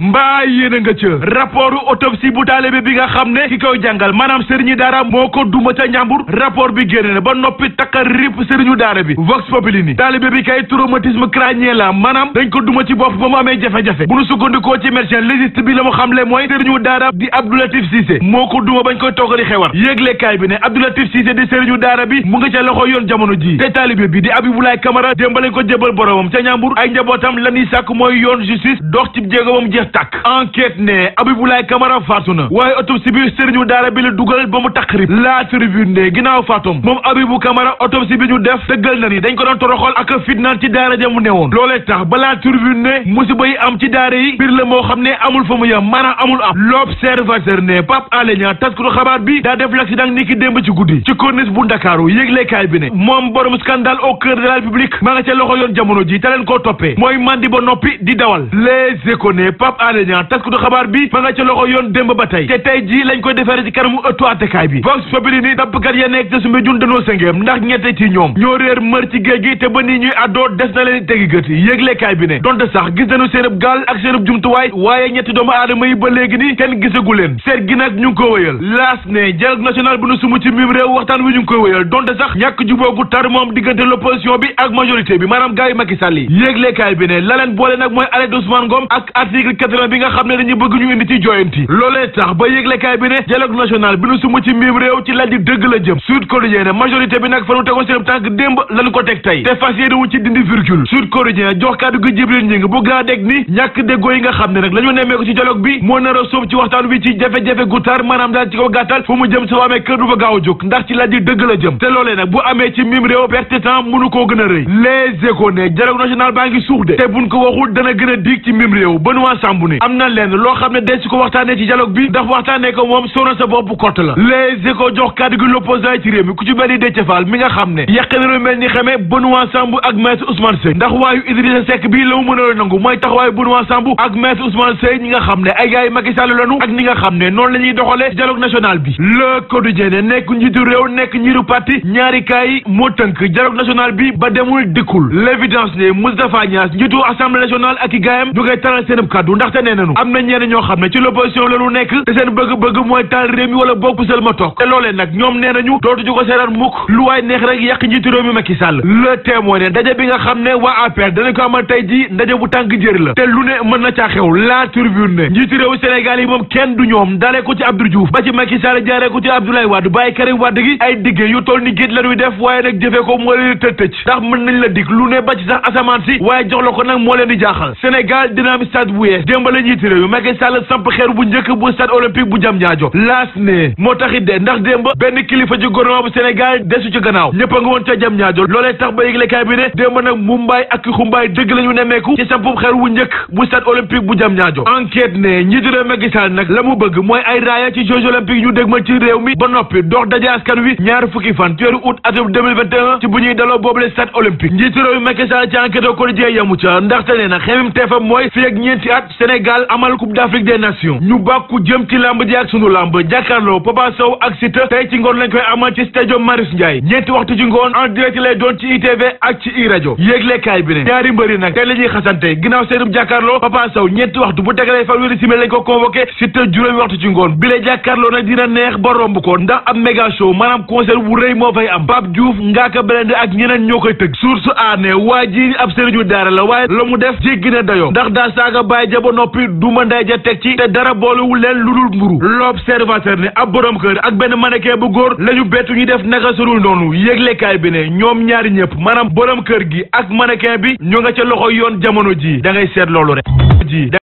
mbaa yéen a nga ca rapport autopsie bu taalibe bi nga xam ne ki koy jàngal maanaam sëriñu daara moo ko duma ca njàmbur rapport bi génn na ba noppi takka rip sëriñu daara bi vox populi ni taalibe bi kay traumatisme crânien la maanaam dañ ko duma ci bopp ba mu amee jafe-jafe bu nu sukkandikoo ci médecin légiste bi la mu xamle mooy sëriñu daara di Abdoulatif Cissé moo ko duma bañ koy toggali xewar yéeglekaay bi ne Abdoulatif Cissé di sëriñu yoon jamono ji te taalibe bi di Abibulaay la ñuy sàkk mooy jeex tàkk enquête ne Abibulaay Kamara faatu na waaye autopsie bi sëriñu daara bi la dugal ba mu tax rib laa tribune ne ginnaaw faatum moom Abibu Kamara autopsie bi ñu def dëggal na ni dañ ko doon toroxal ak fitnaan ci daara ja mu newoon loolee tax balaa ne musiba yi am ci daara yi biir la moo xam ne amul fa mu yem maanaam amul am l'observateur ne Pape Alé Niang taskatu xabaar bi daa def l'accident ni ki démb ci guddi ci corniche bu Ndakaaru yëglekaay bi Pape Alé Niang taskatu xabaar bi ma nga ca loxo yoon démb ba tey te tey ji lañ koy defeere ci kanamu ëttu attekaay bi vox populi ni nappkat ya nekk ca sumbi jun danoo sëngeem ndax ñette ci ñoom ñoo réer mër ci géej gi te ba nii ñuy àddoo des na leen tegi yi yëglekaay bi ne donte sax gis nañu seen ab gaal ak seen ab jumtuwaay waaye ñetti doomu aadama yi ba léegi ni kenn gisagu leen seet gi nag ñu ngi ko wéyal laas ne dialogue national bu nu sumu ci cadre bi nga xam ne dañu bëgg ñu indi ci joyanti loolee tax ba yëglekaay bi ne dialogue national bi nu suma ci mim réew ci laaj dëgg la jëm Sud Quotidien majorité bi nag fa nu tegoon seen tànk démb lañ ko teg tey te fas yéene ci dindi virgule Sud Quotidien jox kàddu gi Jibril ñi bu gaa ni ñàkk déggoo yi nga xam ne nag la ñu nemmee ko ci dialogue bi moo nar a ci waxtaan wi ci jafe-jafe gu tar maanaam daal ci ko gàttal fu mu jëm sa waamee la jëm te loolee nag bu amee ci mim réew perte temps a Samb ni am na leen loo xam ne denc ko waxtaanee ci dialogue bi daf waxtaanee ko moom sóoran sa bopp kott la les éco jox kàddu gi l'opposant ci réew mi ku ci mel ni Déthié mi nga xam ne yàqale mel ni xamee Benoît Sambou ak a ak maître Ousmane Seye ñi nga xam ne ay gars yi lanu ak ñi nga xam ne noonu la ñuy dialogue national bi le quotidien ne nekk njiitu réew nekk njiitu parti ñaari njiitu assemblée nationale ak i gaayam ñu koy taral seen kàddu ndaxte nee nañu am na ñenn ñoo xam ne ci l'opposition la ñu nekk te seen bëgg-bëgg mooy taal réew mi wala bokk sel ma toog te loolee nag ñoom nee dootu ju ko seetaan mukk lu waay neex rek yàq njiitu réew mi Macky Sall le ndaje bi nga xam ne waa APR danañ ko amal tey ji ndaje bu tànk jër la te lu ne mën na caa xew la turbune ne njiitu réewu Sénégal yi moom kenn du ñoom dalee ko ci Abdou Diouf ba ci Macky Sall ko ci Abdoulaye Wade bàyyi Karim Wade gi la ñuy ne ba ci sax asamaan jox la ko nag moo leen di jaaxal Sénégal dina am stade bu yee ne démb la njiiti réew mi Macky Sall samp xeer bu njëkk bu stade olympique bu jam ñaajo laas ne moo taxit de ndax démb benn kilifa ci gouvernement bu Sénégal desu ci gannaaw ñëpp a nga woon ca jam ñaajo loolee tax ba yëglekaay bi ne démb nag mumbaay ak xumbaay dëgg la ñu nemmeeku ci sampum xeer bu njëkk bu stade olympique bu jam ñaajo enquête ne njiiti réew Macky Sall nag la mu bëgg mooy ay raaya ci jeux olympiques ñu dégmal ci réew mi ba noppi dox daje askan ñaar fukki fan weeru août atum 2021 bu ñuy daloo boobule stade olympique njiiti réew mi Macky Sall ci enquête Sénégal amal coupe d'Afrique des nations ñu bàkku jëm ci làmb ji ak sunu lamb jàkkaarloo Papa Sow ak Siteu tey ci ngoon lañ koy amal ci stade Marius Ndiaye ñeenti waxtu ci ngoon en direct lay doon ci ITV ak ci i rajo yéeglekaay bi ne ñaari mbëri nag tey la ñuy xasante ginnaaw seenub jàkkaarloo Papa Sow ñeenti waxtu bu tegalee fanweeri simili lañ ko convoqué Siteu juróomi waxtu ci ngoon bi la jàkkaarloo nag dina neex ba romb ko ndax am méga show maanaam concert bu rëy moo fay am Pape Diouf Ngaaka Blindé ak ñeneen ñoo koy tëgg source aané waa ji ab sëriñu daara la waaye la mu def jéggi na dayo ndax ja ba noppi duma nday ja teg ci te dara boolewul leen lu dul mburu l'observateur ne ab borom kër ak benn mannequin bu góor la ñu ñu def naka surul noonu yëglekaay bi ne ñoom ñaari ñëpp maanaam borom kër gi ak mannequin bi ñu nga ca loxo yoon jamono ji da seet loolu rek ji